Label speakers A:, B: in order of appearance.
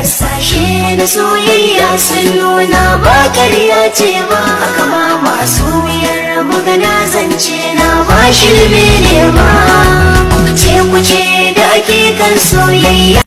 A: hasashe na soyayya sun nuna ba karya ce ba haka masu wuyar magana zance na ba shirme ne ba kuce kuce da ake kan soyayya